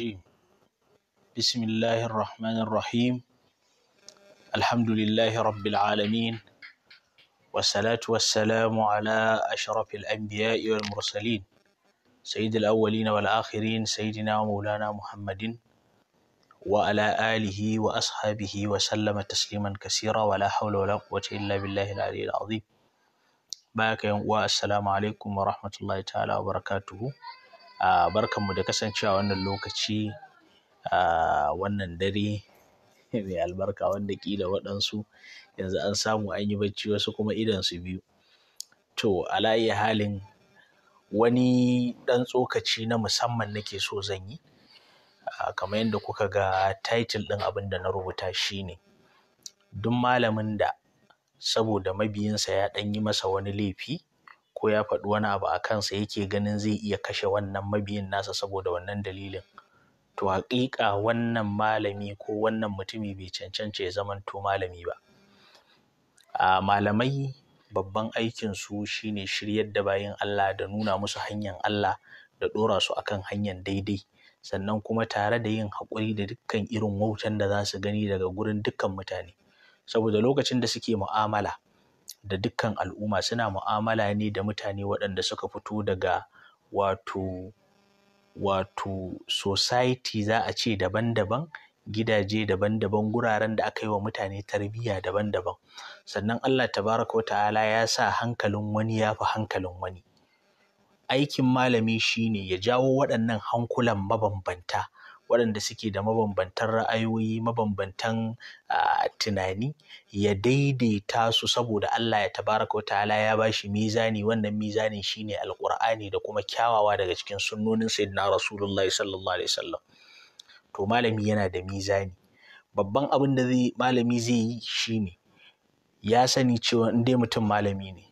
الرجيم بسم الله الرحمن الرحيم الحمد لله رب العالمين والصلاة والسلام على أشرف الأنبياء والمرسلين سيد الأولين والآخرين سيدنا ومولانا محمد وعلى آله وأصحابه وسلم تسليما كثيرا ولا حول ولا قوة إلا بالله العلي العظيم باك والسلام عليكم ورحمة الله تعالى وبركاته barkanmu da kasancewa wannan lokaci a wannan dare mai albarka wanda ƙila waɗansu yanzu an samu an yi bacci wasu kuma idonsu biyu to alayi halin wani ɗan tsokaci na musamman nake so zan yi kamar yadda kuka ga title ɗin abin da na rubuta shine duk malamin da saboda mabiyinsa ya ɗan yi masa wani laifi ko ya faɗi wani abu a kansa yake ganin zai iya kashe wannan mabiyin nasa saboda wannan dalilin to haƙiƙa wannan malami ko wannan mutumi bai cancanci ya zamanto malami ba a malamai babban aikin su shine shiryar da bayin Allah da nuna musu hanyar Allah da ɗora su akan hanyar daidai sannan kuma tare da yin haƙuri da dukkan irin wautan da za su gani daga gurin dukkan mutane saboda lokacin da suke mu'amala da dukkan al'umma suna mu'amala ne da mutane waɗanda suka fito daga wato wato society za a ce daban-daban gidaje daban-daban guraren da aka yi wa mutane tarbiyya daban-daban sannan Allah tabaraka wa ta'ala ya sa hankalin wani ya fi hankalin wani aikin malami shine ya jawo waɗannan hankulan mabambanta waɗanda suke da mabambantan ra'ayoyi mabambantan tunani ya daidaita su saboda Allah ya tabaraka wa ta'ala ya ba shi mizani wannan mizani shine alqur'ani da kuma kyawawa daga cikin sunnonin sayyidina rasulullah sallallahu alaihi wasallam to malami yana da mizani babban abin da zai malami zai yi shine ya sani cewa in dai mutum malami ne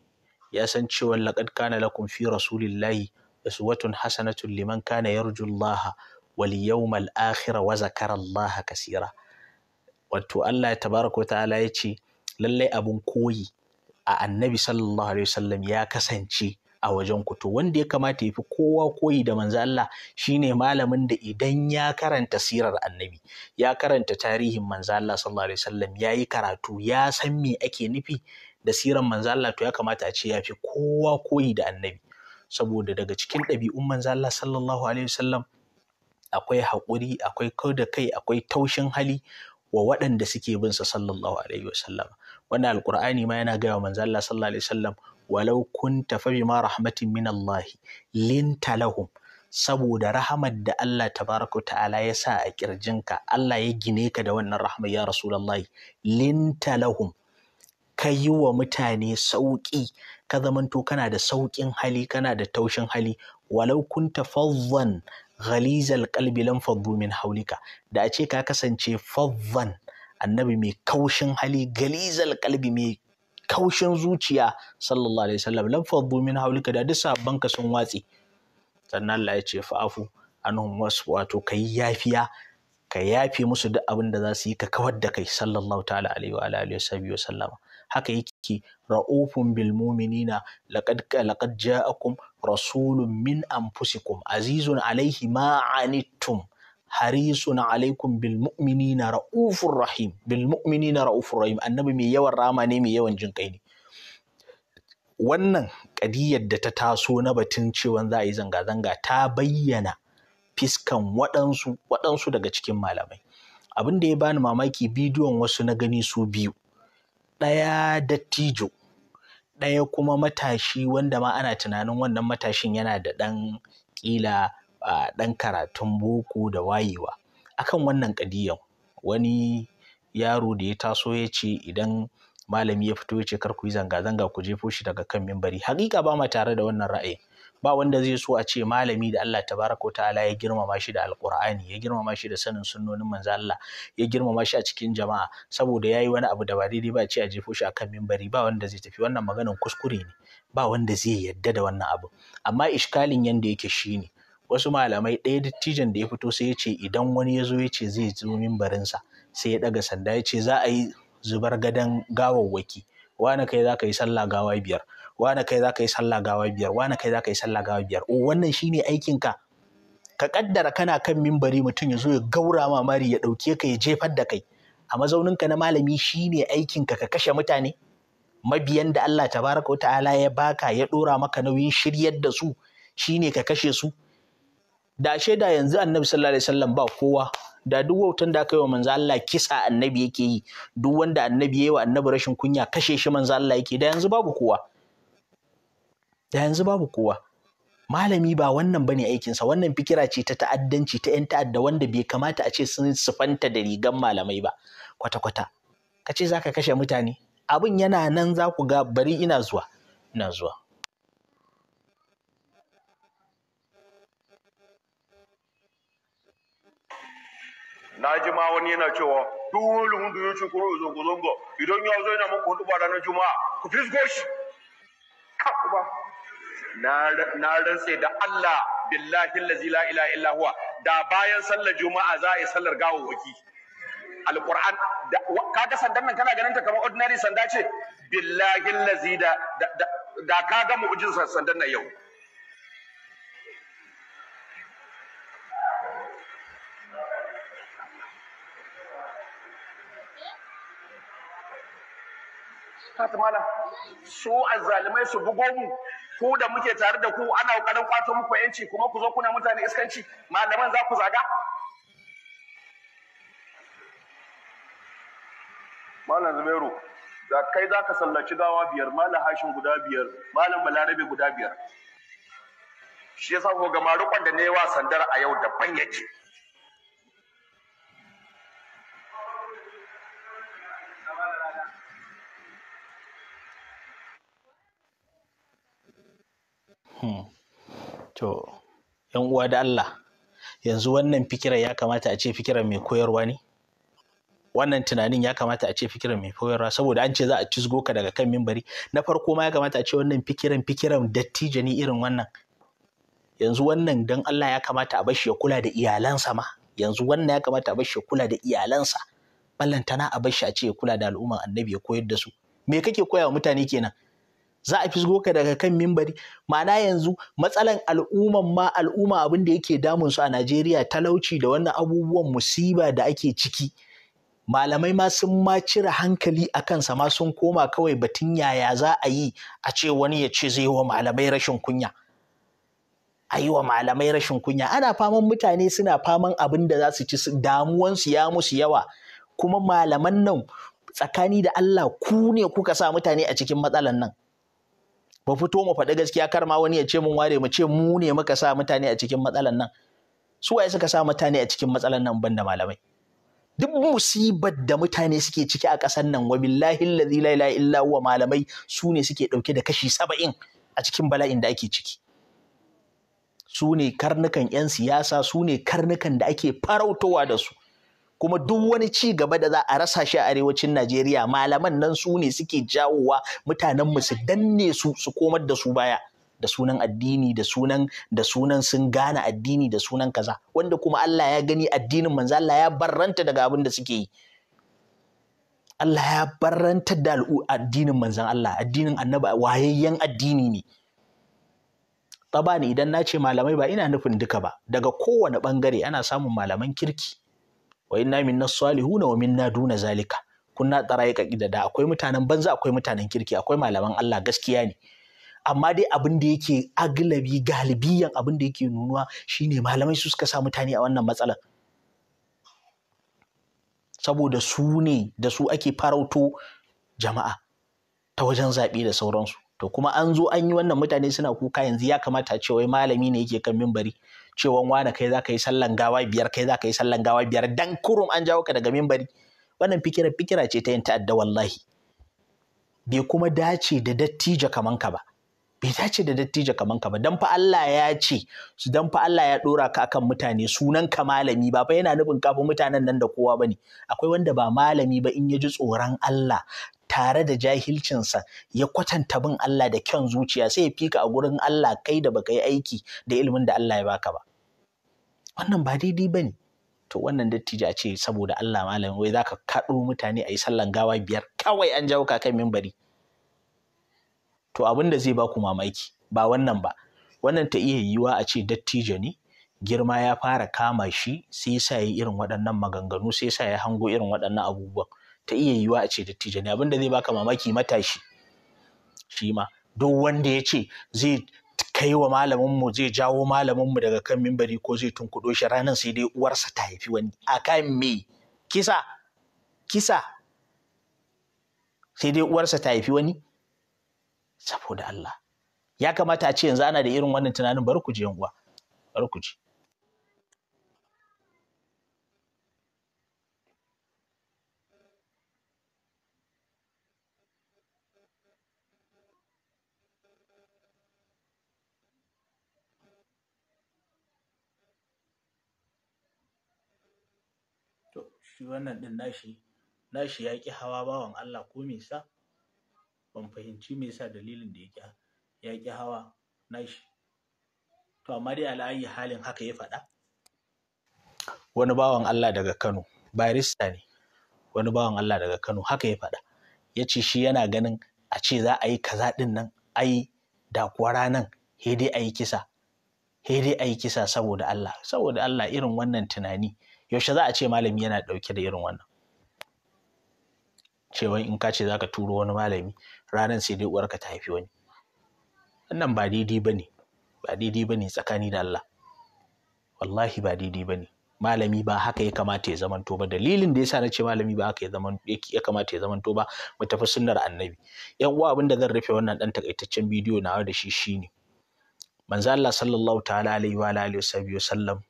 ya san cewa laqad kana lakum fi rasulillahi uswatun hasanatun liman kana yarjullaha wal yawmal akhir wa zakara Allah kasira wato Allah tabaraka ta'ala ya ce lallai abun koyi a annabi sallallahu alaihi wasallam ya kasance a wajen ku to wanda ya kamata ya fi kowa koyi da manzo Allah shine malamin da idan ya karanta sirar annabi ya karanta tarihin manzo Allah sallallahu alaihi wasallam yayi karatu ya san me ake nufi da sirar manzo Allah to ya kamata a ce ya fi kowa koyi da annabi saboda daga cikin ɗabi'un manzo Allah sallallahu alaihi wasallam akwai haƙuri akwai kau da kai akwai taushin hali wa waɗanda suke bin sa sallallahu alaihi wasallam wannan alqur'ani ma yana gaya wa manzo Allah sallallahu alaihi wasallam walau kunta fa bima rahmatin min Allah linta lahum saboda rahamar da Allah tabaraka ta'ala ya sa a kirjinka Allah ya gine ka da wannan rahmar ya rasulullahi linta lahum ka yi wa mutane sauƙi ka zamanto kana da sauƙin hali kana da taushin hali walau kunta fazzan ghalizal kalbi lam faddu min haulika da a ce ka kasance faddan annabi mai kaushin hali galizal kalbi mai kaushin zuciya sallallahu alaihi wasallam lam faddu min haulika da duk ka sun watsi sannan Allah ya ce fa'afu anhum wasu wato kai yafiya ka yafe musu duk abin da za su yi ka kawar da kai sallallahu ta'ala alaihi wa alihi wa sallama haka yake ciki ra'ufun bil mu'minina laqad laqad ja'akum rasulun min anfusikum azizun alaihi ma anittum harisun alaikum bil mu'minina ra'ufur rahim bil mu'minina ra'ufur rahim annabi mai yawan rama ne mai yawan jin kai ne wannan kadiyar da ta taso na batun cewa za a yi zanga-zanga ta bayyana fiskan waɗansu waɗansu daga cikin malamai abin da ya bani mamaki bidiyon wasu na gani su biyu ɗaya dattijo ɗaya kuma matashi wanda ma ana tunanin wannan matashin yana da ɗan ƙila ɗan karatun boko da wayewa akan wannan ƙadiyan wani yaro da ya taso ya ce idan malami ya fito ya ce kar ku yi zanga-zanga ku jefo shi daga kan mimbari hakika ba ma tare da wannan ra'ayin ba wanda zai so a ce malami da Allah tabaraka wa ta'ala ya girmama shi da alqur'ani ya girmama shi da sanin sunnonin manzo Allah ya girmama shi a cikin jama'a saboda yayi wani abu da ba daidai ba ce a jefo shi akan mimbari ba wanda zai tafi wannan maganan kuskure ne ba wanda zai yadda da wannan abu amma iskalin yanda yake shine wasu malamai ɗaya dattijan da ya fito sai ya ce idan wani ya zo ya ce zai zo mimbarinsa sai ya ɗaga sanda ya ce za a yi zubar gadon gawawwaki wani kai za ka yi sallah gawa biyar wane kai za ka yi sallah gawa biyar wane kai za ka yi sallah gawa biyar oh, wannan shine aikinka ka kaddara kana kan mimbari mutum ya zo ya gaura ma mari ya ɗauke ka ya jefar da kai a mazauninka na malami shine aikinka ka kashe mutane mabiyan da Allah tabaraka ta'ala ya baka ya ɗora maka nauyin shiryar da su shine ka kashe su da shaida yanzu annabi sallallahu alaihi wasallam ba kowa da duk wautan da aka yi wa manzo Allah kisa annabi yake yi duk wanda annabi yayi wa annabi rashin kunya kashe shi manzo Allah yake da yanzu babu kowa da yanzu babu kowa malami ba wannan bane aikinsa wannan fikira ce ta ta'addanci ta 'yan ta'adda wanda bai kamata a ce sun sufanta da rigan malamai ba kwata-kwata ka ce zaka kashe mutane abin yana nan za ku ga bari ina zuwa ina zuwa na ji ma wani yana cewa duk wani mun da ce kuro zongo zongo idan ya zo yana muku hudu ba ranar juma'a ku fisgo shi ka ba na rantse da Allah billahi allazi la ilaha illa huwa da bayan sallar juma'a za a yi sallar gawawwaki alquran kaga sandan nan kana ganin ta kamar ordinary sanda ce billahi allazi da da ka ga mu'jin sandan nan yau Fatimala, su azzalimai su bugo mu ku da muke tare da ku ana kokarin kwato muku yanci kuma ku zo kuna mutane iskanci malaman za ku zaga malam zubairu da kai za ka sallaci gawa biyar malam hashin guda biyar malam balarabe guda biyar shi yasa ko ga marukon da ne wa sandar a yau daban yake Hmm. To, ‘yan uwa da Allah, yanzu wannan fikirar ya kamata a ce fikirar mai koyarwa ne? Wannan tunanin ya kamata a ce fikirar mai koyarwa saboda an ce za a cizgo ka daga kan mimbari. Na farko ma ya kamata a ce wannan fikiran fikiran dattijo ne irin wannan. Yanzu wannan don Allah ya kamata a bashi ya kula da iyalansa ma. Yanzu wannan ya kamata a bashi ya kula da iyalansa. Ballantana a bashi a ce ya kula da al'umma annabi ya koyar da su. Me kake koya wa mutane kenan? za a fisgo ka daga kan mimbari ma'ana yanzu matsalan al'umman ma al'umma abin da yake damun su a Najeriya talauci da wannan abubuwan musiba da ake ciki malamai ma sun ma cire hankali a kansa ma sun koma kawai batun yaya za a yi a ce wani ya ce zai wa malamai rashin kunya a yi wa malamai rashin kunya ana faman mutane suna faman abin da za su ci damuwansu ya musu yawa kuma malaman nan tsakani da Allah ku ne kuka sa mutane a cikin matsalan nan ba fito mu faɗi gaskiya kar ma wani ya ce mun ware mu ce mu ne muka sa mutane a cikin matsalan nan su waye suka sa mutane a cikin matsalan nan banda malamai duk musibar da mutane suke ciki a ƙasar nan wa billahi allazi la ilaha illa huwa malamai su ne suke ɗauke da kashi saba'in a cikin bala'in da ake ciki su ne karnukan 'yan siyasa su ne karnukan da ake farautowa da su kuma duk wani ci gaba da za a rasa shi a arewacin Najeriya malaman nan su ne suke jawowa mutanen mu su danne su su komar da su baya da sunan addini da sunan da sunan sun gane addini da sunan kaza wanda kuma Allah ya gani addinin manzo Allah ya barranta daga abin da suke yi Allah ya barranta da al'u addinin manzon Allah addinin annabi wayayyen addini ne ni idan na ce malamai ba ina nufin duka ba daga kowane bangare ana samun malaman kirki wa inna minna salihuna wa minna duna zalika kunna tsaraika da akwai mutanen banza akwai mutanen kirki akwai malaman Allah gaskiya ne amma dai abin da yake aglabi galibiyan abin da yake nunuwa shine malamai su suka sa mutane a wannan matsalar saboda su ne da su ake farauto jama'a ta wajen zaɓe da sauransu to kuma an zo an yi wannan mutane suna kuka yanzu ya kamata a malami ne yake kan mimbari cewan wane kai za ka yi sallan gawa biyar kai za ka yi sallan gawa biyar dan kurum an jawo ka daga mimbari wannan fikira fikira ce ta yin ta'adda wallahi bai kuma dace da dattijo kaman ka ba bai dace da dattijo kaman ka ba dan fa Allah ya ce su dan fa Allah ya dora ka akan mutane sunan ka malami ba fa yana nufin kafin mutanen nan da kowa bane akwai wanda ba malami ba in ya ji tsoron Allah tare da jahilcinsa ya kwatanta bin Allah da kyan zuciya sai ya fika a gurin Allah kai da baka yi aiki da ilimin da Allah ya baka ba wannan ba daidai ba ne to wannan a ce saboda Allah malamin wai zaka kaɗo mutane a yi sallan gawa biyar kawai an jawo kakan mimbari to abin da zai baku mamaki ba wannan ba wannan ta iya yiwuwa a ce dattijo ne girma ya fara kama shi sai sa yi irin waɗannan maganganu sai sa ya hango irin waɗannan abubuwan ta iya yiwuwa a ce dattijo ne abin da zai baka mamaki matashi shi ma duk wanda ya ce zai kai wa malaminmu zai jawo malaminmu daga kan mimbari ko zai tunkuɗo shi ranar sai dai uwarsa ta haifi wani a kan me kisa kisa sai dai uwarsa ta haifi wani saboda Allah ya kamata a ce yanzu ana da irin wannan tunanin bari ku je yan uwa bari ku je shi wannan ɗin nashi nashi ya ƙi hawa bawan Allah ko me sa ban fahimci me sa dalilin da ya ya ƙi hawa nashi to amma dai ala'ayi halin haka ya faɗa wani bawan Allah daga Kano barista ne wani bawan Allah daga Kano haka ya faɗa ya ce shi yana ganin a ce za a yi kaza ɗin nan ai da kuwa ranan he dai a yi kisa he dai a yi kisa saboda Allah saboda Allah irin wannan tunani yaushe za a ce malami yana ɗauke da irin wannan cewa in ka ce za ka turo wani malami ranar sai dai uwarka ta haifi wani wannan ba daidai ba ne ba daidai ba ne tsakani da Allah wallahi ba daidai ba ne malami ba haka ya kamata ya zamanto ba dalilin da yasa na ce malami ba haka ya kamata ya zamanto ba mu tafi sunnar annabi yan uwa da zan rufe wannan dan takaitaccen bidiyo nawa da shi shine manzo Allah sallallahu ta'ala alaihi wa alihi sallam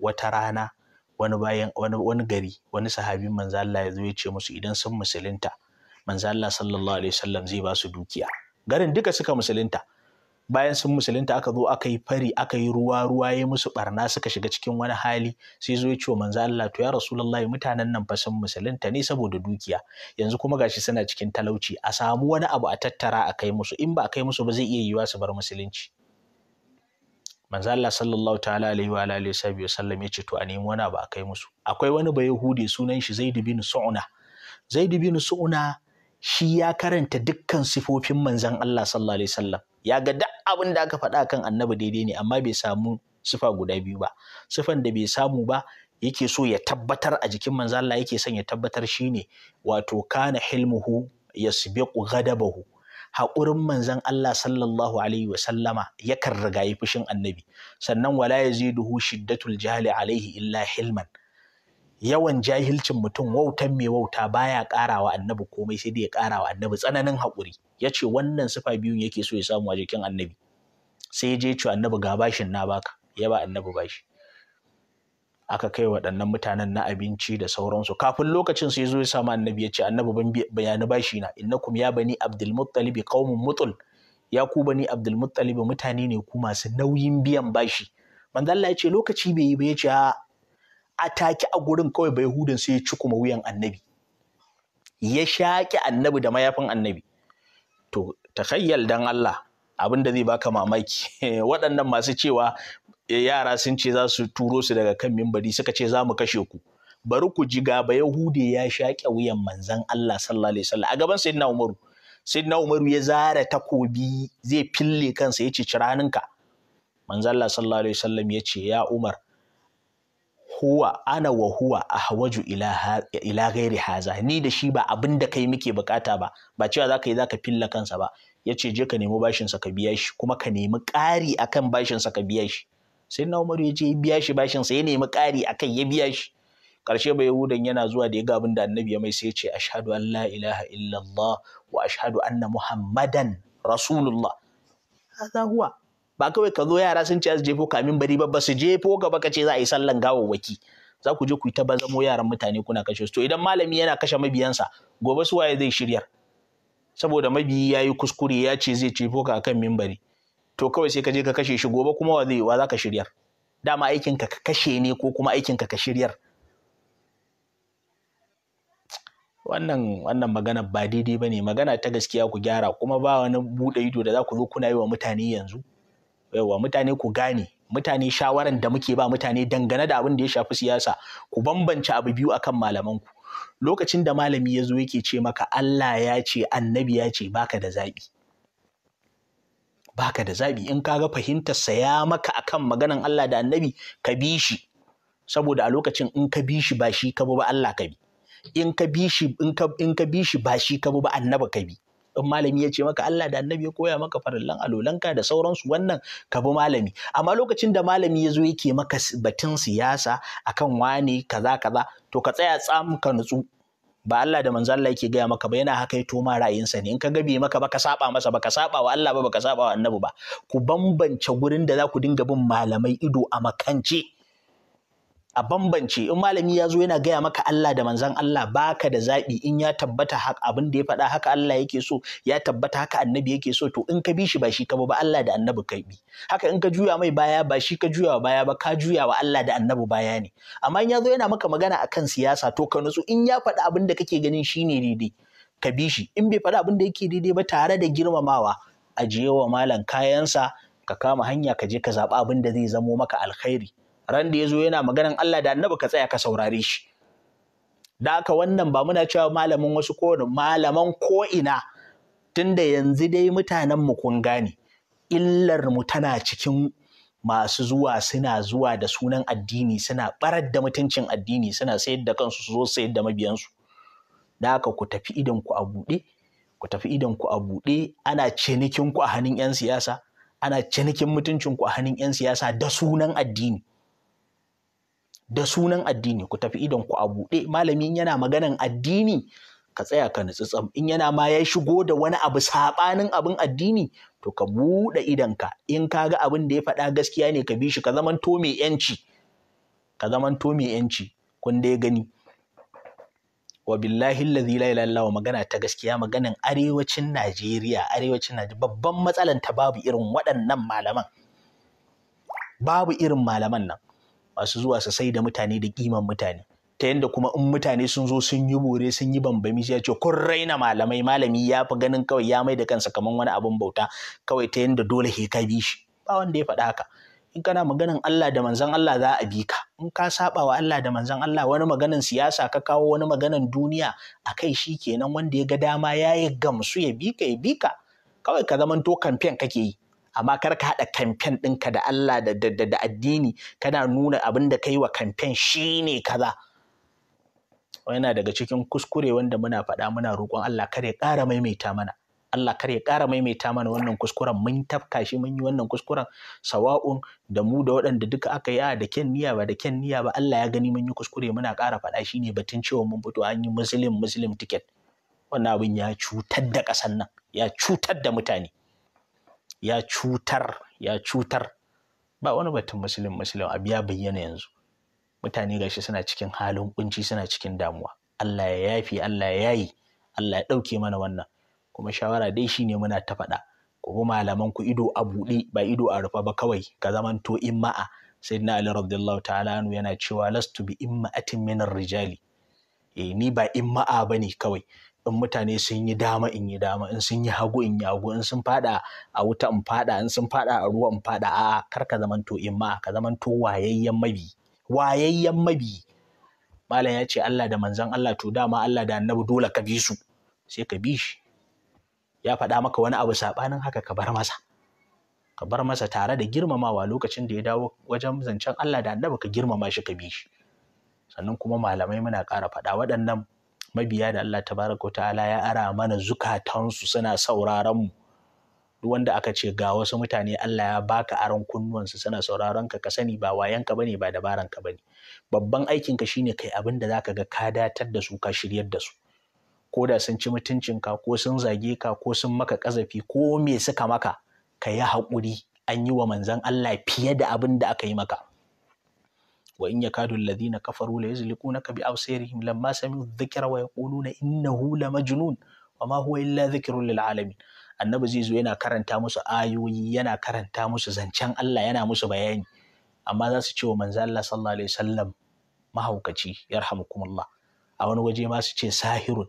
wata rana wani bayan wani wani gari wani sahabin manzo Allah ya zo ya ce musu idan sun musulunta manzo Allah sallallahu alaihi wasallam zai ba su dukiya garin duka suka musulunta bayan sun musulunta aka zo aka yi fari aka yi ruwa ruwa ya musu barna suka shiga cikin wani hali sai zo ya ce manzo Allah to ya rasulullahi mutanen nan fa sun musulunta ne saboda dukiya yanzu kuma gashi suna cikin talauci a samu wani abu a tattara a kai musu in ba a kai musu ba zai iya yiwa su bar musulunci manzo Allah sallallahu ta'ala alaihi wa alihi wa sallam ya ce to a nemi wani abu a kai musu akwai wani ba yahudi sunan shi Zaid bin Su'na Zaid bin Su'na shi ya karanta dukkan sifofin manzan, Allah sallallahu alaihi wasallam ya ga duk abin da aka faɗa kan annabi daidai ne amma bai samu sifa guda biyu ba sifan da bai samu ba yake so ya tabbatar a jikin manzo Allah yake son ya tabbatar shine wato kana hilmuhu yasbiqu ghadabahu haƙurin manzon Allah sallallahu alaihi wa sallama yakan rigayi fushin annabi sannan wala yaziduhu shiddatul jahli alaihi illa hilman yawan jahilcin mutum wautan mai wauta baya ƙarawa annabi komai sai dai ya ƙarawa annabi tsananin haƙuri yace wannan sifa biyun yake so ya samu a jikin annabi sai ya je ya ce annabi ga bashin na baka ya ba annabi bashi aka kai waɗannan mutanen na abinci da sauransu kafin lokacin ya zo ya samu annabi ya ce annabi ban bayani bashi na innakum ya bani abdulmuttalib qaumun mutul ya ku bani abdulmuttalib mutane ne ku masu nauyin biyan bashi manzo Allah ya ce lokaci bai yi ba ya ce a take a gurin kawai bai hudun sai ya ci kuma wuyan annabi ya shaki annabi da mayafin annabi to takhayyal dan Allah abinda zai baka mamaki waɗannan masu cewa yara sun ce za su turo su daga kan mimbari suka ce za mu kashe ku bari ku ji gaba yahude ya shaƙe wuyan manzan Allah sallallahu alaihi wasallam a gaban sayyidina umaru sayyidina umaru ya zara takobi zai fille kansa yace ci raninka manzan Allah sallallahu alaihi wasallam yace ya umar huwa ana wa huwa ahwaju ila ila ghairi haza ni da shi ba abin da kai muke bukata ba ba cewa zaka yi ka filla kansa ba yace je ka nemi bashin sa ka biya shi kuma ka nemi ƙari akan bashin sa ka biya shi sai na umaru ya ce ya biya shi bashin sa ya nemi ƙari akan ya biya shi ƙarshe bai yahudan yana zuwa da ya ga abin da annabi ya mai sai ya ce ashhadu an la ilaha illallah wa ashhadu anna muhammadan rasulullah hada huwa ba kawai ka zo yara sun ce su jefo kamin bari ba su jefo gaba ka ce za a yi sallan gawawwaki za ku je ku yi ta zamo yaran mutane kuna kashe su to idan malami yana kashe mabiyansa gobe su waye zai shiryar saboda mabiyi ya yi kuskure ya ce zai jefo ka kan mimbari to kawai sai ka je ka kashe shi gobe kuma wa zai wa za ka shiryar dama aikinka ka kashe ne ko kuma aikinka ka shiryar wannan wannan magana ba daidai ba ne. magana ta gaskiya ku gyara kuma ba wani buɗe ido da za ku zo kuna yi wa mutane yanzu yawa mutane ku gane mutane shawaran da muke ba mutane dangane da abin da ya shafi siyasa ku bambance abu biyu akan malamanku lokacin da malami ya zo yake ce maka Allah ya ce annabi ya ce baka da zaɓi baka da zaɓi, in kaga fahimtar sa ya maka akan maganan Allah da Annabi ka bi shi saboda a lokacin in ka bi shi ba shi ka bi ba Allah ka bi in ka bi shi in ka bi shi ba shi ka bi ba Annabi ka bi in malami ya ce maka Allah da Annabi ya koya maka farallan alolanka da sauransu wannan ka bi malami amma lokacin da malami ya zo yake maka batun siyasa akan wane kaza kaza to ka tsaya tsam ka nutsu ba Allah da manzo Allah yake gaya maka ba yana haka hakaito ma ra'ayinsa ne in ka gabe maka ba ka saba masa ba saba wa Allah ba ba ka saba wa annabi ba ku bambance gurin da za ku dinga bin malamai ido a makance a bambance in malami ya zo yana gaya maka Allah da manzan Allah baka da zaɓi in ya tabbata abin da ya faɗa haka Allah yake so ya tabbata haka annabi yake so to in ka bi shi ba shi ka ba Allah da annabi ka bi haka in ka juya mai baya ba shi ka juya baya ba ka juya wa Allah da annabi baya ne amma in ya zo yana maka magana akan siyasa to ka nutsu in ya faɗa abin da kake ganin shine daidai ka bi shi in bai faɗa abin da yake daidai ba tare da girmamawa ajiye wa malam kayansa ka kama hanya ka je ka zaɓi abin da zai zamo maka alkhairi ran da ya zo yana maganan Allah da annabi ka tsaya ka saurare shi da haka wannan ba muna cewa malamin wasu wani malaman ko'ina tunda yanzu dai mutanen mu kun gane illar mu tana cikin masu zuwa suna zuwa da sunan addini suna barar da mutuncin addini suna sayar da kansu su zo sayar da mabiyansu da haka ku tafi idan ku a buɗe ku tafi idan ku a buɗe ana cinikin ku a hannun 'yan siyasa ana cinikin mutuncin ku a hannun 'yan siyasa da sunan addini da sunan addini ku tafi idon ku a buɗe malami in yana maganan addini ka tsaya ka nutsu tsam in yana ma ya shigo da wani abu saɓanin abin addini to ka buɗe idon ka. in ka ga abin da ya faɗa gaskiya ne ka bi shi ka to mai yanci ka zamanto mai yanci kun dai gani wa billahi allazi la ilaha illallah magana ta gaskiya maganan arewacin Najeriya arewacin Najeriya babban matsalan ta babu irin waɗannan malaman babu irin malaman nan masu zuwa su sai da mutane da kiman mutane ta yadda kuma in mutane sun zo sun yi bore sun yi bambami sai ce kun raina malamai malami ya fi ganin kawai ya mai da kansa kamar wani abin bauta kawai ta yadda dole ke ka bi shi ba wanda ya faɗa haka in kana maganan Allah da manzon Allah za a bi ka in ka saba wa Allah da manzan Allah wani maganan siyasa ka kawo wani maganan duniya a kai shi kenan wanda ya ga dama ya yi gamsu ya bi ka ya bi ka kawai ka zamanto kamfen kake yi amma kar ka haɗa kamfen ɗinka da Allah da da addini kana nuna abin da kai wa kamfen shine kaza yana daga cikin kuskure wanda muna faɗa muna roƙon Allah kar ya ƙara maimaita mana Allah kar ya ƙara maimaita mana wannan kuskuren mun tafka shi mun yi wannan kuskuren sawa'un da mu da waɗanda duka aka yi a da kyan niyya ba da kyan niyya ba Allah ya gani mun yi kuskure muna ƙara faɗa shi ne batun cewa mun fito an yi muslim muslim ticket wannan abin ya cutar da ƙasar nan ya cutar da mutane ya cutar ya cutar ba wani batun musulun musulun abu ya bayyana yanzu mutane gashi suna cikin halin kunci suna cikin damuwa Allah ya yafi Allah ya yayi Allah ya ɗauke mana wannan kuma shawara dai shine muna ta faɗa ku bi malaman ku ido a buɗe ba ido a rufa ba kawai ka zamanto imma'a sayyidina Ali radiyallahu ta'ala anhu yana cewa lastu bi imma'atin minar rijali eh ni ba imma'a bane kawai in mutane sun yi dama in yi dama in sun yi hagu in yi hagu in sun fada a wuta in fada in sun fada a ruwa in fada a kar ka zamanto imma ka zamanto wayayyen mabi wayayyen mabi malam ya ce Allah da manzon Allah to dama Allah da annabi dole ka bi su sai ka bi shi ya faɗa maka wani abu saɓanin haka ka bar masa ka bar masa tare da girmamawa lokacin da ya dawo wajen zancen Allah da annabi ka girmama shi ka bi shi sannan kuma malamai muna ƙara faɗa waɗannan mabiya da Allah tabaraka ta'ala ya ara mana zukatansu suna sauraron mu wanda aka ce ga wasu mutane Allah ya baka aron kunnuwansu suna sauraron ka ka sani ba wayanka bane ba dabaran ka bane babban aikin ka shine kai abin da zaka ga ka datar da su ka shiryar da su ko da sun ci mutuncinka ko sun zage ka ko sun maka kazafi ko me suka maka ka yi haƙuri an yi wa manzon Allah fiye da abin da aka yi maka wa in yakadu alladhina kafaru la ka bi absarihim lamma sami'u dhikra wa yaquluna innahu la majnun wa ma huwa illa dhikrun lil alamin annabi zai zo yana karanta musu ayoyi yana karanta musu zancen Allah yana musu bayani amma za su ce wa manzo Allah sallallahu alaihi wasallam mahaukaci yarhamukumullah a wani waje ma su ce sahirun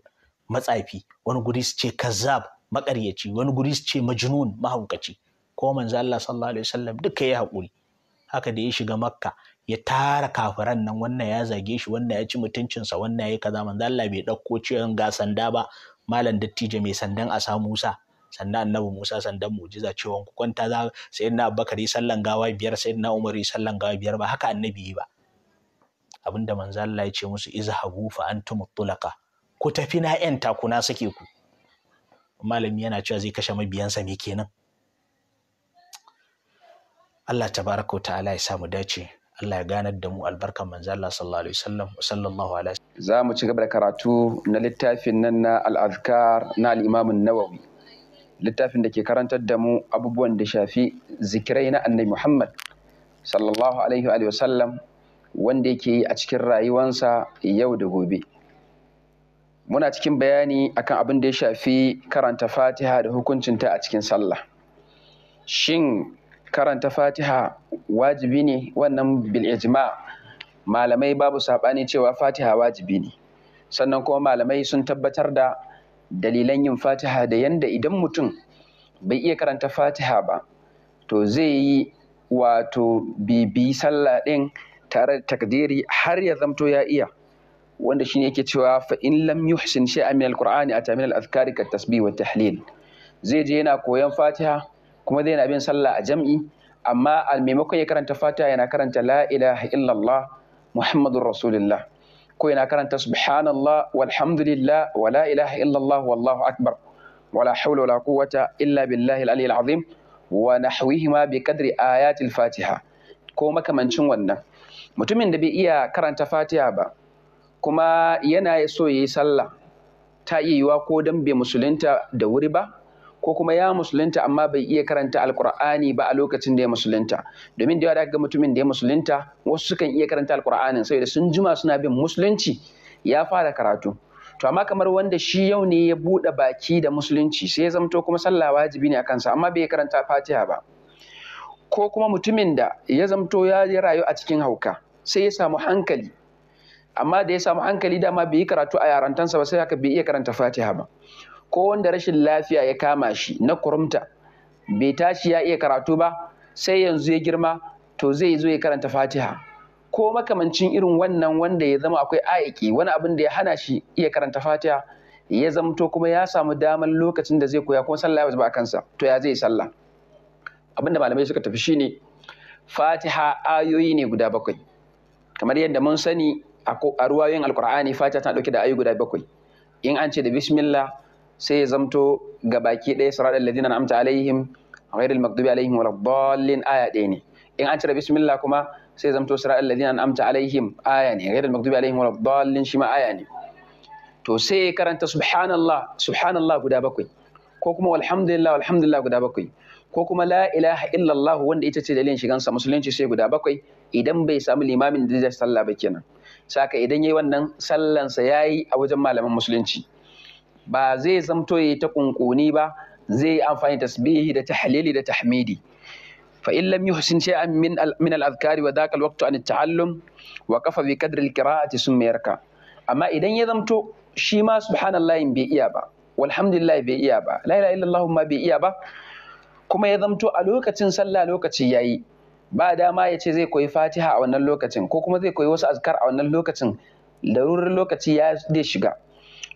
matsafi wani guri su ce kazzab makaryaci wani guri su ce majnun mahaukaci ko manzo Allah sallallahu alaihi wasallam duka ya haƙuri haka da ya shiga makka ya tara kafiran nan wannan ya zage shi wannan ya ci mutuncinsa wannan ya yi kaza manzo Allah bai ɗauko ciwon ga sanda ba malam dattijo mai sandan a sa Musa sannan annabi Musa sandan mu'jiza cewa ku kwanta za sayyidina Abubakar yi sallan gawa biyar sayyidina Umar yi sallan gawa biyar ba haka annabi yi ba abinda manzo Allah ya ce musu izhabu fa antum tulaqa ku tafi na yan takuna suke ku malami yana cewa zai kashe mabiyansa me kenan Allah tabaraka wa ta'ala ya mu dace Allah ya ganar da mu albarkan manzo Allah sallallahu alaihi wasallam sallallahu alaihi za mu ci gaba da karatu na littafin nan na al-azkar na al-imam an-nawawi littafin da ke karantar da mu abubuwan da shafi zikirai na annabi Muhammad sallallahu alaihi wa sallam wanda yake yi a cikin rayuwansa yau da gobe muna cikin bayani akan abin da ya shafi karanta fatiha da hukuncinta a cikin sallah shin karanta fatiha wajibi ne wannan bil ijma malamai babu saɓani cewa fatiha wajibi ne sannan kuma malamai sun tabbatar da dalilan yin fatiha da yanda idan mutum bai iya karanta fatiha ba to zai yi wato bibi sallah ɗin tare da takdiri har ya zamto ya iya wanda shine yake cewa fa in lam yuhsin shay'an min alqur'ani ata a al-azkari tasbih wa tahlil zai je yana koyan fatiha kuma zai na bin sallah a jam'i amma a maimakon ya karanta fata yana karanta la ilaha illallah muhammadur Rasulillah. ko yana karanta subhanallah walhamdulillah wa la ilaha illallah wallahu akbar wala hawla wala quwwata illa billahi al-ali al-azim wa nahwihima bi kadri ayatil fatiha ko makamancin wannan mutumin da bai iya karanta fatiha ba kuma yana so yayi sallah ta iya yiwa ko dan bai musulunta da wuri ba ko kuma ya musulunta amma bai iya karanta alkur'ani ba a lokacin da ya musulunta domin da yawa da ga mutumin da ya musulunta wasu sukan iya karanta alkur'anin saboda sun jima suna bin musulunci ya fara karatu to amma kamar wanda shi yau ne ya buɗe baki da musulunci sai ya zamto kuma sallah wajibi ne a kansa amma bai karanta fatiha ba ko kuma mutumin da ya zamto ya rayu a cikin hauka sai ya samu hankali amma da ya samu hankali dama bai yi karatu a yarantansa ba sai haka bai iya karanta fatiha ba ko wanda rashin lafiya ya kama shi na kurumta bai tashi ya iya karatu ba sai yanzu ya girma to zai zo ya karanta fatiha ko makamancin irin wannan wanda ya zama akwai aiki wani abin da ya hana shi iya karanta fatiha ya zamto kuma ya samu daman lokacin da zai koya kuma sallah ya ba kansa to ya zai sallah Abin da malamai suka tafi shine fatiha ayoyi ne guda bakwai kamar yadda mun sani a ruwayoyin alkur'ani fatiha tana dauke da ayoyi guda bakwai in an ce da bismillah sai ya zamto ga baki ɗaya siratal ladina Amta alaihim ghairil maghdubi alaihim waladdallin aya ɗaya ne in an cire bismillah kuma sai ya zamto siratal ladina Amta alaihim aya ne ghairil maghdubi alaihim waladdallin shi ma aya ne to sai karanta subhanallah subhanallah guda bakwai ko kuma alhamdulillah alhamdulillah guda bakwai ko kuma la ilaha illallah wanda ita ce dalilin shigansa musulunci sai guda bakwai idan bai samu limamin da zai sallah ba kenan saka idan yayi wannan sallansa yayi a wajen malaman musulunci ba zai zamto yayi ta kunkuni ba zai amfani tasbihi da tahlili da tahmidi fa in lam yuhsin shay'an min min al wa dhaqa al-waqtu an taallum wa kafa bi qadri al-qira'ati summa yarka amma idan ya zamto shi ma subhanallahi bai iya ba walhamdulillah bai iya ba la ilaha illallah ma bai iya ba kuma ya zamto a lokacin sallah lokaci yayi ba dama ya ce zai koyi fatiha a wannan lokacin ko kuma zai koyi wasu azkar a wannan lokacin larurar lokaci ya zai shiga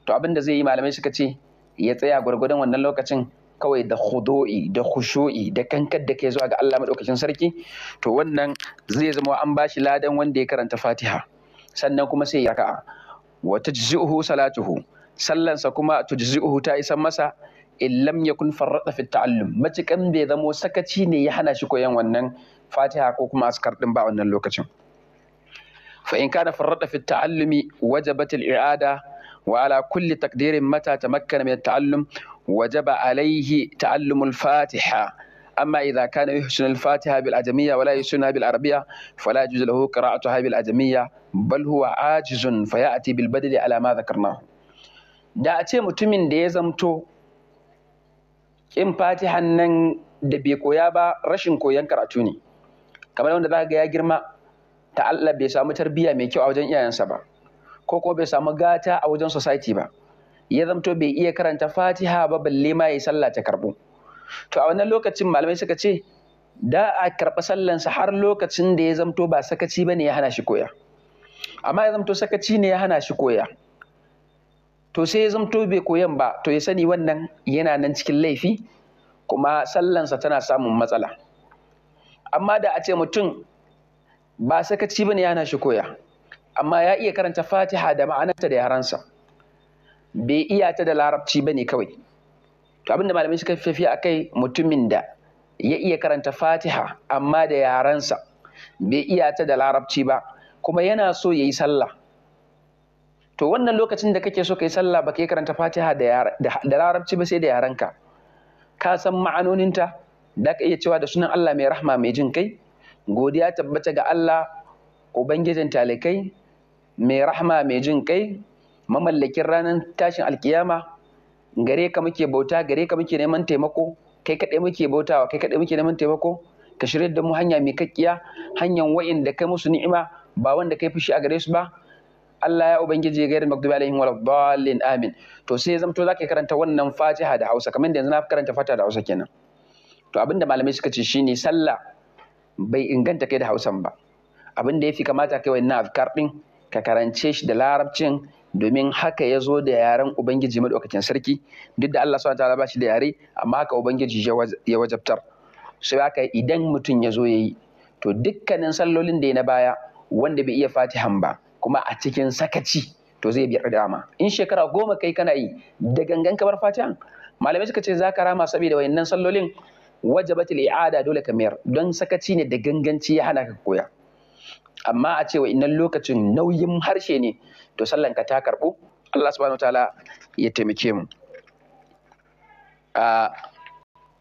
to abin da zai yi malamai suka ce ya tsaya gwargwadon wannan lokacin kawai da khudu'i da khushu'i da kankar da ke zuwa ga Allah maɗaukacin sarki to wannan zai zama an bashi ladan wanda ya karanta Fatiha sannan kuma sai ya raka'a wa tajzi'uhu salatuhu sallansa kuma tujzi'uhu ta isan masa in lam yakun farrada fi ta'allum matukan bai zamo sakaci ne ya hana shi koyan wannan Fatiha ko kuma askar din ba wannan lokacin fa in kana farraɗa fi ta'allumi wajabat iada وعلى كل تقدير متى تمكن من التعلم وجب عليه تعلم الفاتحة أما إذا كان يحسن الفاتحة بالأدمية ولا يحسنها بالعربية فلا يجوز له قراءتها بالأدمية بل هو عاجز فيأتي بالبدل على ما ذكرناه da a ce mutumin da ya zamto ƙin fatihan nan da bai koya ba rashin koyon karatu ne kamar wanda za ga ya girma ta Allah bai samu tarbiyya mai kyau a wajen iyayensa ba ko ko bai samu gata a wajen society ba ya zamto bai iya karanta fatiha ba balle ma ya sallah ta karbu to a wannan lokacin malamai suka ce da a karɓa sallansa har lokacin da ya zamto ba sakaci ba ne ya hana shi koya amma ya zamto sakaci ne ya hana shi koya to sai ya zamto bai koyan ba to ya sani wannan yana nan cikin laifi kuma sallansa tana samun matsala amma da a ce mutum ba sakaci ba ne ya hana shi koya amma ya iya karanta fatiha da ma'anarta da yaransa bai iya ta da larabci ba ne kawai to abinda malamai suka fi a kai mutumin da ya iya karanta fatiha amma da yaransa bai iya ta da larabci ba kuma yana so ya yi sallah to wannan lokacin da kake so ka yi sallah baka yi karanta fatiha da larabci ba sai da yaranka ka san ma'anoninta da ka iya cewa da sunan Allah mai rahma mai jin kai godiya tabbata ga Allah ubangijin talikai mai rahma mai jin kai mamallakin ranar tashin alkiyama gare ka muke bauta gare ka muke neman taimako kai kaɗai muke bautawa kai kaɗai muke neman taimako ka shirya da mu hanya mai kakkiya hanyar wa'inda kai musu ni'ima ba wanda kai fushi a gare su ba Allah ya ubangiji ya gairin magdubi alaihim wal dalin amin to sai ya zamto zaka karanta wannan Fatiha da Hausa kamar da yanzu na karanta Fatiha da Hausa kenan to abinda malamai suka ce shine sallah bai inganta kai da Hausan ba abinda yafi kamata kai wannan afkar din ka karance shi da larabcin domin haka ya zo da yaren ubangiji maɗaukakin sarki duk da Allah subhanahu wataala ba shi da yare amma haka ubangiji ya wajabtar sai haka idan mutum ya zo ya yi to dukkanin sallolin da ya na baya wanda bai iya fatihan ba kuma a cikin sakaci to zai biyar dama in shekara goma kai kana yi da gangan kamar fatihan malamai suka ce za ka rama saboda wayannan sallolin wajabatul i'ada dole ka mayar don sakaci ne da ganganci ya hana ka koya amma a cewa innan lokacin nauyin harshe ne to sallan ka ta karɓu Allah subhanahu ta'ala ya taimake mu a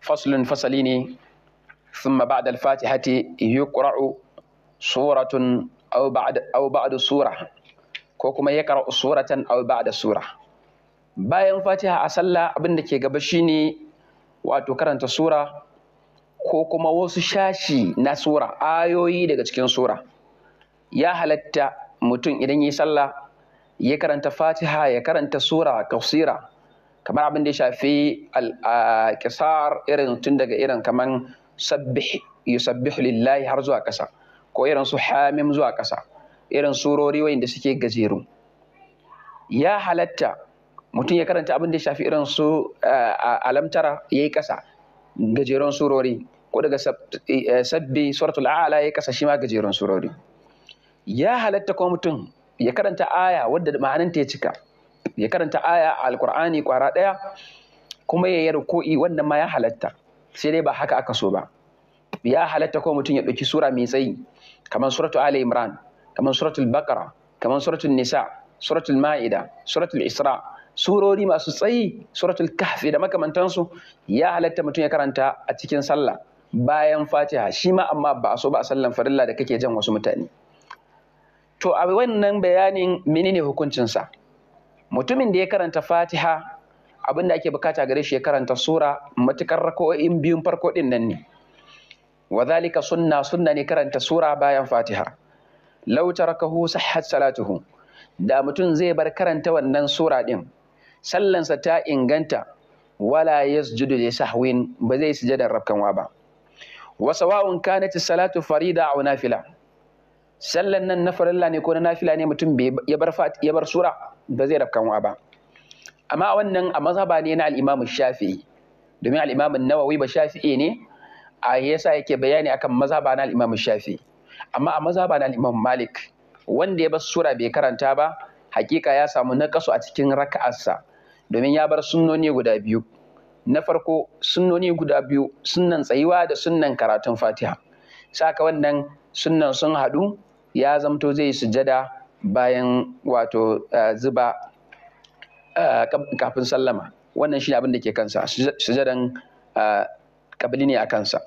faslun fasali ne ba'da al-fatihati yuqra'u suratun aw ba'da aw ba'da sura. ko kuma ya karɓi suratan aw ba'da sura bayan fatiha a sallah abin da ke gaba shine wato karanta sura ko kuma wasu shashi na sura ayoyi daga cikin sura ya halatta mutum idan yi sallah ya karanta fatiha ya karanta sura kasira kamar abin da ya shafi kisar irin tun daga irin kaman sabbih yusabbihu lillahi har zuwa ƙasa ko irin su hamim zuwa ƙasa irin surori wayanda suke gajeru ya halatta mutum ya karanta abin da ya shafi irin su alamtara ya yi ƙasa surori ko daga eh, sabbi suratul a'la ya ƙasa shi ma gajerun surori ya halatta kuma mutum ya karanta aya wadda ma'ananta ya cika ya karanta aya a alkur'ani kwara ɗaya kuma ya yi ruku'i wannan ma ya halatta sai dai ba haka aka so ba ya halatta kuma mutum ya ɗauki sura mai tsayi kamar suratul ali imran kamar suratul bakara kamar suratul nisa suratul ma'ida suratul isra surori masu tsayi suratul kafi da makamantansu ya halatta mutum ya karanta a cikin sallah bayan fatiha shi ma amma ba a so ba a sallan farilla da kake jan wasu mutane to a wannan bayanin menene hukuncinsa mutumin da ya karanta fatiha abinda ake bukata gare shi ya karanta sura matukar rako'in biyun farko din nan ne Wazalika zalika sunna sunna ne karanta sura bayan fatiha Lauta tarakahu sahhat salatuhu da mutum zai bar karanta wannan sura din sallansa ta inganta wala yasjudu li sahwin ba zai sujada rabkanwa ba wa sawa'un kanat salatu farida aw nafila sallan nan na farilla ne ko na nafila ne mutum ya bar ya bar sura ba zai rafkan wa ba amma wannan a mazhaba ne na al-Imam Shafi'i domin al-Imam Nawawi ba Shafi'i ne a yasa yake bayani akan mazhaba na al-Imam amma a mazhaba na al Malik wanda ya bar sura bai karanta ba hakika ya samu nakasu a cikin raka'arsa domin ya bar sunnoni guda biyu na farko sunnoni guda biyu sunnan tsayuwa da sunnan karatun Fatiha saka wannan sunnan sun haɗu ya zamto zai yi sujada bayan wato eh, zuba eh, kafin sallama wannan shi abin da ke kansa sujadan eh, kabili ne a kansa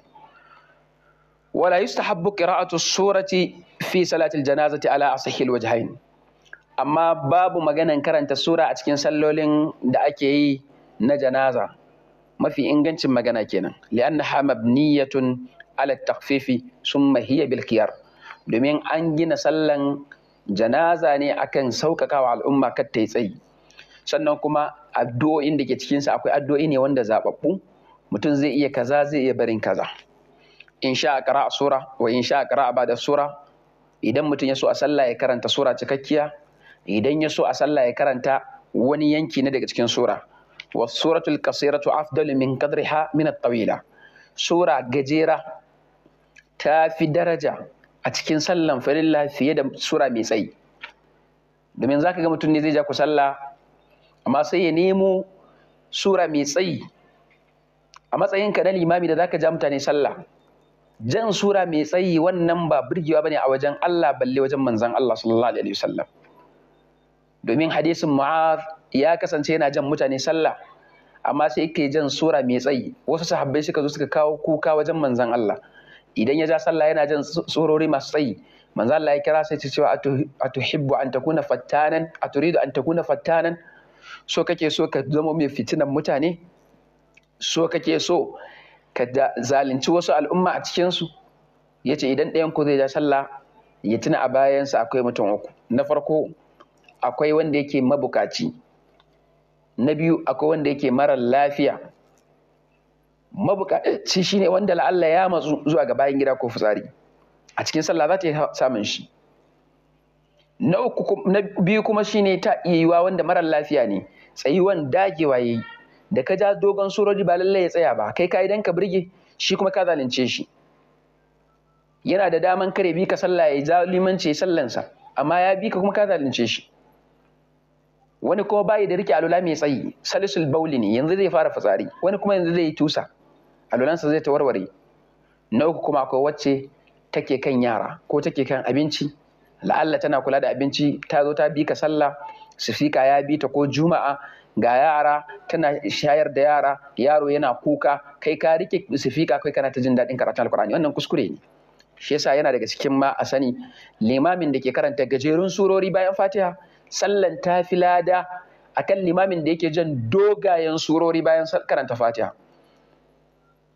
wala yustahabbu qira'atu surati fi salatil janazati ala asahil wajhain amma babu maganan karanta sura a cikin sallolin da ake yi na janaza mafi ingancin magana kenan li'annaha mabniyatun ala takfifi summa hiya bil khiyar domin an gina sallan janaza ne akan sauƙaƙawa al'umma kar ta yi tsayi sannan kuma addu'o'in da ke cikinsa akwai addu'o'i ne wanda zaɓaɓɓu mutum zai iya kaza zai iya barin kaza in sha a sura wa in sha a a bada sura idan mutum ya so a sallah ya karanta sura cikakkiya idan ya so a sallah ya karanta wani yanki na daga cikin sura wa suratul qasiratu afdalu min qadriha min at-tawila sura gajera ta fi daraja a cikin sallan farilla fiye da sura mai tsayi domin za ka ga mutum ne zai ja ku sallah amma sai ya nemo sura mai tsayi a matsayinka na limami da za ka ja mutane sallah jan sura mai tsayi wannan ba birgewa bane a wajen Allah balle wajen manzan Allah sallallahu alaihi wasallam domin hadisin Mu'adh ya kasance yana jan mutane sallah amma sai yake jan sura mai tsayi wasu sahabbai suka zo suka kawo kuka wajen manzan Allah idan ya ja sallah yana jan tsorori masu tsayi manzo Allah ya kira sai ce cewa atuhibbu an takuna fattanan aturidu an takuna fattanan so kake so ka zama mai fitinan mutane so kake so ka zalunci wasu al'umma a cikin su yace idan ɗayan ku zai ja sallah ya tuna a bayansa akwai mutum uku na farko akwai wanda yake mabukaci na biyu akwai wanda yake mara lafiya mabukaci shine wanda la'alla ya matsu zuwa ga bayan gida ko fitsari a cikin sallah za ta yi samun shi na biyu kuma shine ta iya yiwa wanda marar lafiya ne tsayuwan dagewa yi. da ka ja dogon suroji ba lallai ya tsaya ba kai ka idan ka burge shi kuma ka zalunce shi yana da daman kare bi ka sallah ya ja limanci sallansa amma ya bi ka kuma ka zalunce shi wani kuma bayi da rike alula mai tsayi salisul bauli ne yanzu zai fara fitsari wani kuma yanzu zai yi tusa alwalansa zai ta warware na uku kuma akwai wacce take kan yara ko take kan abinci la'alla tana kula da abinci ta zo ta bi ka sallah sifika ya bi ta ko juma'a ga yara tana shayar da yara yaro yana kuka kai ka rike sifika kai kana ta jin daɗin karatun alkur'ani wannan kuskure ne shi yasa yana daga cikin ma a sani limamin da ke karanta gajerun surori bayan fatiha sallan ta fi lada akan limamin da yake jan dogayen surori bayan karanta fatiha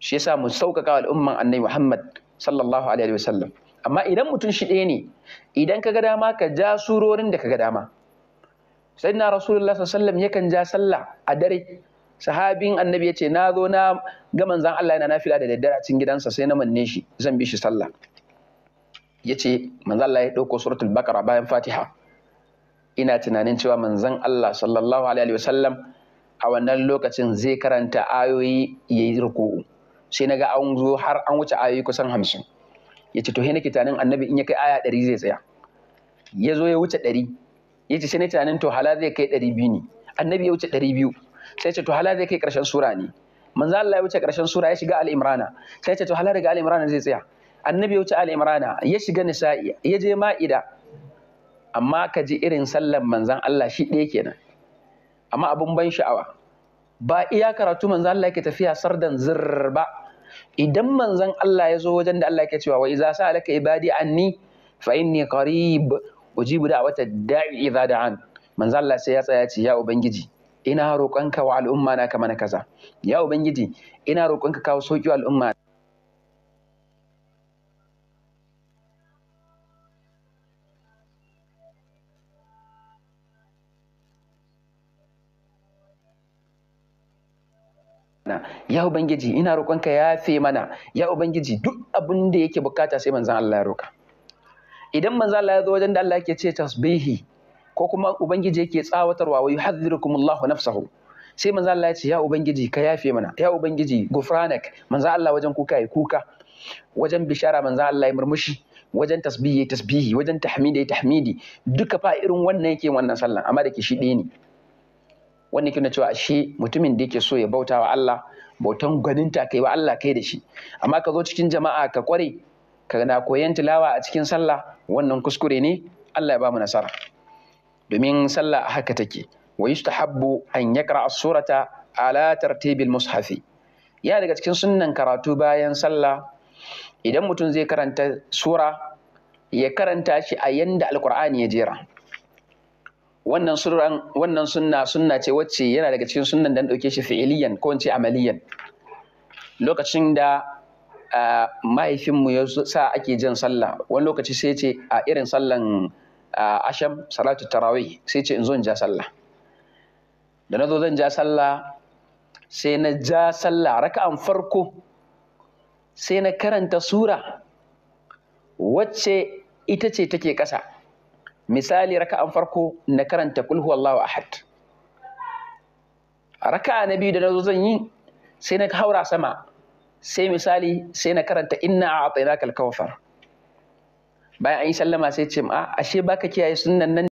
shi yasa mu sauƙaƙa al'umman annabi Muhammad sallallahu alaihi wasallam amma idan mutum shi ɗaya ne idan ka ga dama ka ja surorin da ka ga dama sayyidina rasulullah sallallahu alaihi yakan ja sallah a dare sahabin annabi yace na zo na ga manzon Allah yana nafila da daddare a cikin gidansa sai na manne shi zan bi shi sallah yace manzon Allah ya dauko suratul baqara bayan fatiha ina tunanin cewa manzon Allah sallallahu alaihi wasallam a wannan lokacin zai karanta ayoyi yayi ruku'u sai na ga an zo har an wuce ayoyi kusan hamsin ya ce to he nake tunanin annabi in ya kai aya ɗari zai tsaya ya zo ya wuce ɗari ya ce sai na tunanin to hala zai kai ɗari biyu ne annabi ya wuce ɗari biyu sai ce to hala zai kai ƙarshen sura ne manzo Allah ya wuce ƙarshen sura ya shiga al-imrana sai ce to hala daga al-imrana zai tsaya annabi ya wuce al-imrana ya shiga nisa'i ya je ma'ida amma ka ji irin sallan manzan Allah shi ɗaya kenan amma abun ban sha'awa ba iya karatu manzan Allah yake tafiya sardan zirr ba idan manzon Allah ya zo wajen da Allah yake cewa wa sa alaka ibadi anni fa inni qarib ujibu da'wata da'i idza da'an manzon Allah sai ya tsaya ce ya ubangiji ina roƙonka wa al'umma na kamar kaza ya ubangiji ina roƙonka kawo sauki wa al'umma mana ya ubangiji ina roƙonka ya fe mana ya ubangiji duk abin da yake bukata sai manzan Allah ya roƙa idan manzan Allah ya zo wajen da Allah yake ce tasbihi ko kuma ubangiji yake tsawatarwa wa Allah nafsahu sai manzan Allah ya ce ya ubangiji ka yafe mana ya ubangiji gufranak manzan Allah wajen kuka ya kuka wajen bishara manzan Allah ya murmushi wajen tasbihi tasbihi wajen tahmidi tahmidi duka fa irin wannan yake wannan sallan amma da ke shi ɗaya ne wanda yake cewa ashe mutumin da yake so ya bauta wa Allah bautan gwaninta kai wa Allah kai da shi amma ka zo cikin jama'a ka kware ka na koyan tilawa a cikin sallah wannan kuskure ne Allah ya ba mu nasara domin sallah haka take wa yustahabbu an yaqra as-surata ala tartibil mushafi ya daga cikin sunnan karatu bayan sallah idan mutum zai karanta sura ya karanta shi a yanda alkur'ani ya jera wannan suran wannan sunna sunna ce wacce yana daga cikin sunnan da an dauke shi fi'iliyan ko ce amaliyan lokacin da mahaifinmu ya sa ake jin sallah wani lokaci sai ce a irin sallan asham salatu tarawih sai ce in zo in ja sallah da na zo zan ja sallah sai na ja sallah raka'an farko sai na karanta sura wacce ita ce take ƙasa misali raka'an farko na karanta kul huwallahu ahad raka'a na biyu da nazo zan yi sai na haura sama sai misali sai na karanta inna a a'tainaka al bayan an yi sallama sai ce a ah, ashe baka kiyaye sunan nan